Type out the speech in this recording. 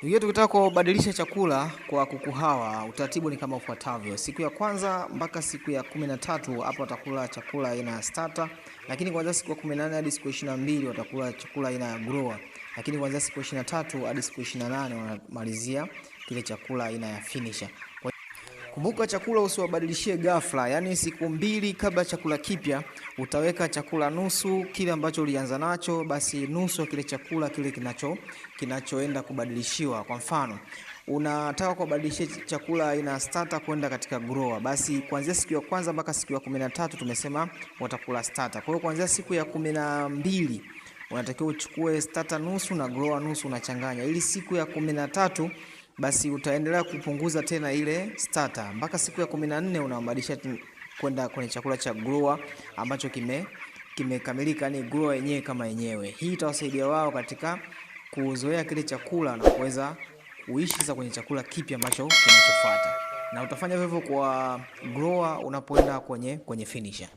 Hiyo tukitaka kubadilisha chakula kwa kuku hawa, utaratibu ni kama ufuatavyo. Siku ya kwanza mpaka siku ya kumi na tatu hapo watakula chakula aina ya starter, lakini kuanzia siku ya kumi na nane hadi siku ya ishirini na mbili watakula chakula aina ya grower, lakini kuanzia siku ya ishirini na tatu hadi siku ya ishirini na nane wanamalizia kile chakula aina ya finisher. Kumbuka chakula usiwabadilishie ghafla, yaani siku mbili kabla chakula kipya utaweka chakula nusu kile ambacho ulianza nacho, basi nusu kile chakula kile kinacho kinachoenda kubadilishiwa. Kwa mfano, unataka kubadilishia chakula aina starter kwenda katika grower, basi kuanzia siku ya kwanza mpaka siku ya kumi na tatu tumesema watakula starter. Kwa hiyo kuanzia siku ya kumi na mbili unatakiwa uchukue starter nusu na grower nusu, unachanganya ili siku ya kumi na tatu basi utaendelea kupunguza tena ile starter mpaka siku ya kumi na nne unabadilisha kwenda kwenye chakula cha grower ambacho kime kimekamilika, yani grower yenyewe kama yenyewe. Hii itawasaidia wao katika kuzoea kile chakula na kuweza kuishi sasa kwenye chakula kipya ambacho kinachofuata, na utafanya hivyo kwa grower unapoenda kwenye kwenye finisher.